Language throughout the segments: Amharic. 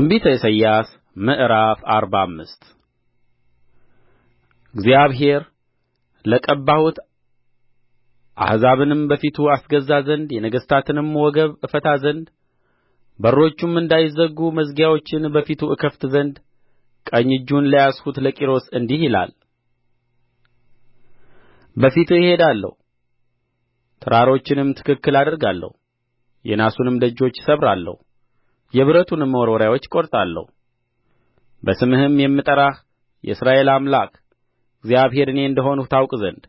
ትንቢተ ኢሳይያስ ምዕራፍ አርባ አምስት እግዚአብሔር ለቀባሁት አሕዛብንም በፊቱ አስገዛ ዘንድ የነገሥታትንም ወገብ እፈታ ዘንድ በሮቹም እንዳይዘጉ መዝጊያዎችን በፊቱ እከፍት ዘንድ ቀኝ እጁን ለያዝሁት ለቂሮስ እንዲህ ይላል በፊትህ እሄዳለሁ ተራሮችንም ትክክል አደርጋለሁ የናሱንም ደጆች እሰብራለሁ የብረቱንም መወርወሪያዎች እቈርጣለሁ በስምህም የምጠራህ የእስራኤል አምላክ እግዚአብሔር እኔ እንደ ሆንሁ ታውቅ ዘንድ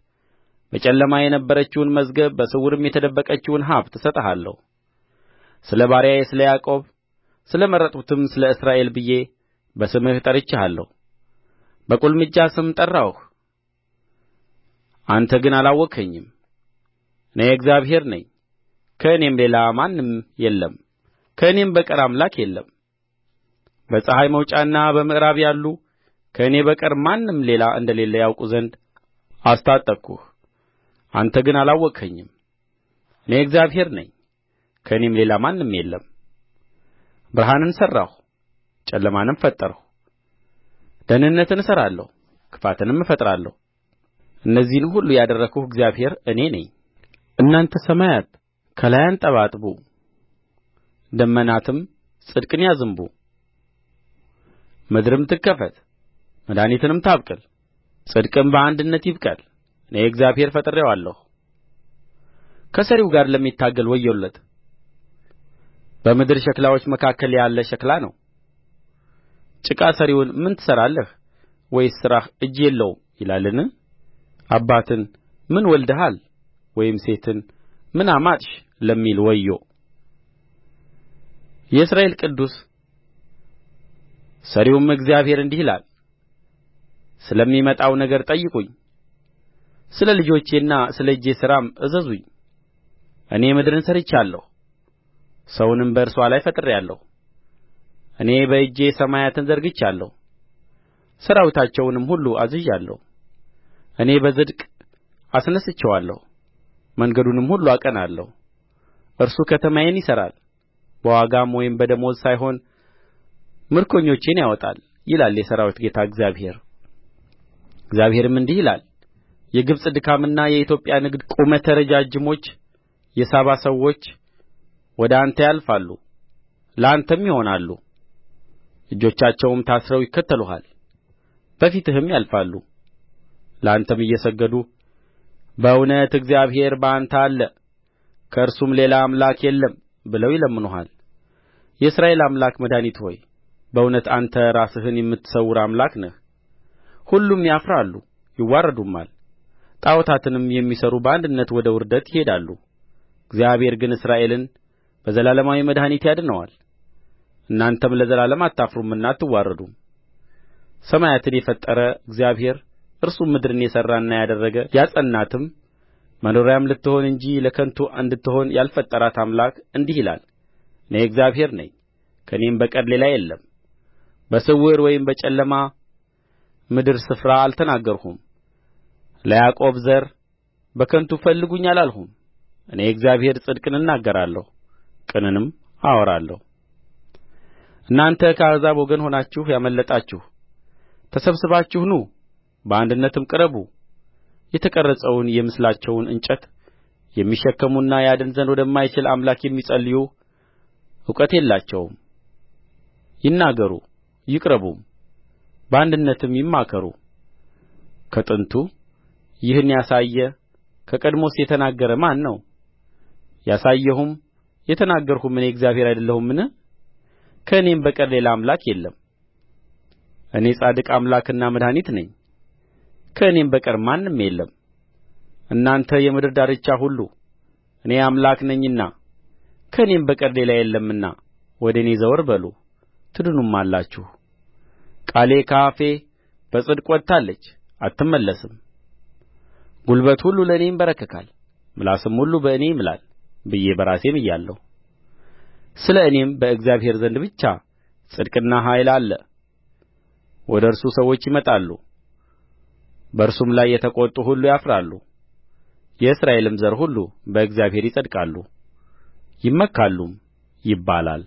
በጨለማ የነበረችውን መዝገብ በስውርም የተደበቀችውን ሀብት እሰጥሃለሁ ስለ ባሪያዬ ስለ ያዕቆብ ስለ መረጥሁትም ስለ እስራኤል ብዬ በስምህ ጠርቼሃለሁ በቁልምጫ ስም ጠራሁህ አንተ ግን አላወቅኸኝም እኔ እግዚአብሔር ነኝ ከእኔም ሌላ ማንም የለም ከእኔም በቀር አምላክ የለም በፀሐይ መውጫና በምዕራብ ያሉ ከእኔ በቀር ማንም ሌላ እንደሌለ ያውቁ ዘንድ አስታጠቅሁህ አንተ ግን አላወቅኸኝም እኔ እግዚአብሔር ነኝ ከእኔም ሌላ ማንም የለም ብርሃንን ሠራሁ ጨለማንም ፈጠርሁ ደኅንነትን እሠራለሁ ክፋትንም እፈጥራለሁ እነዚህን ሁሉ ያደረግሁ እግዚአብሔር እኔ ነኝ እናንተ ሰማያት ከላይ አንጠባጥቡ ደመናትም ጽድቅን ያዝንቡ ምድርም ትከፈት መድኃኒትንም ታብቅል ጽድቅም በአንድነት ይብቀል እኔ እግዚአብሔር ፈጥሬዋለሁ ከሠሪው ጋር ለሚታገል ወዮለት በምድር ሸክላዎች መካከል ያለ ሸክላ ነው ጭቃ ሠሪውን ምን ትሠራለህ ወይስ ሥራህ እጅ የለውም ይላልን አባትን ምን ወልደሃል ወይም ሴትን ምን አማጥሽ ለሚል ወዮ የእስራኤል ቅዱስ ሠሪውም እግዚአብሔር እንዲህ ይላል ስለሚመጣው ነገር ጠይቁኝ ስለ ልጆቼና ስለ እጄ ሥራም እዘዙኝ እኔ ምድርን ሠርቻለሁ ሰውንም በእርስዋ ላይ ፈጥሬአለሁ እኔ በእጄ ሰማያትን ዘርግቻለሁ ሠራዊታቸውንም ሁሉ አዝዣለሁ እኔ በጽድቅ አስነሣቸዋለሁ መንገዱንም ሁሉ አቀናለሁ እርሱ ከተማዬን ይሠራል በዋጋም ወይም በደመወዝ ሳይሆን ምርኮኞቼን ያወጣል ይላል የሠራዊት ጌታ እግዚአብሔር እግዚአብሔርም እንዲህ ይላል የግብጽ ድካምና የኢትዮጵያ ንግድ ቁመተ ረጃጅሞች የሳባ ሰዎች ወደ አንተ ያልፋሉ ለአንተም ይሆናሉ እጆቻቸውም ታስረው ይከተሉሃል በፊትህም ያልፋሉ ለአንተም እየሰገዱ በእውነት እግዚአብሔር በአንተ አለ ከእርሱም ሌላ አምላክ የለም ብለው ይለምኑሃል የእስራኤል አምላክ መድኃኒት ሆይ በእውነት አንተ ራስህን የምትሰውር አምላክ ነህ ሁሉም ያፍራሉ ይዋረዱማል ጣዖታትንም የሚሠሩ በአንድነት ወደ ውርደት ይሄዳሉ እግዚአብሔር ግን እስራኤልን በዘላለማዊ መድኃኒት ያድነዋል እናንተም ለዘላለም አታፍሩምና አትዋረዱም ሰማያትን የፈጠረ እግዚአብሔር እርሱም ምድርን የሠራና ያደረገ ያጸናትም መኖሪያም ልትሆን እንጂ ለከንቱ እንድትሆን ያልፈጠራት አምላክ እንዲህ ይላል እኔ እግዚአብሔር ነኝ ከእኔም በቀር ሌላ የለም በስውር ወይም በጨለማ ምድር ስፍራ አልተናገርሁም ለያዕቆብ ዘር በከንቱ ፈልጉኝ አላልሁም እኔ እግዚአብሔር ጽድቅን እናገራለሁ ቅንንም አወራለሁ እናንተ ከአሕዛብ ወገን ሆናችሁ ያመለጣችሁ ተሰብስባችሁ ኑ በአንድነትም ቅረቡ የተቀረጸውን የምስላቸውን እንጨት የሚሸከሙና ያድን ዘንድ ወደማይችል አምላክ የሚጸልዩ እውቀት የላቸውም ይናገሩ ይቅረቡም በአንድነትም ይማከሩ ከጥንቱ ይህን ያሳየ ከቀድሞስ የተናገረ ማን ነው ያሳየሁም የተናገርሁም እኔ እግዚአብሔር አይደለሁምን ከእኔም በቀር ሌላ አምላክ የለም እኔ ጻድቅ አምላክና መድኃኒት ነኝ ከእኔም በቀር ማንም የለም እናንተ የምድር ዳርቻ ሁሉ እኔ አምላክ ነኝና ከእኔም በቀር ሌላ የለምና ወደ እኔ ዘወር በሉ ትድኑማላችሁ ቃሌ ከአፌ በጽድቅ ወጥታለች አትመለስም ጕልበት ሁሉ ለእኔ ይንበረከካል ምላስም ሁሉ በእኔ ይምላል ብዬ በራሴ ምያለሁ ስለ እኔም በእግዚአብሔር ዘንድ ብቻ ጽድቅና ኃይል አለ ወደ እርሱ ሰዎች ይመጣሉ በእርሱም ላይ የተቈጡ ሁሉ ያፍራሉ የእስራኤልም ዘር ሁሉ በእግዚአብሔር ይጸድቃሉ ይመካሉም ይባላል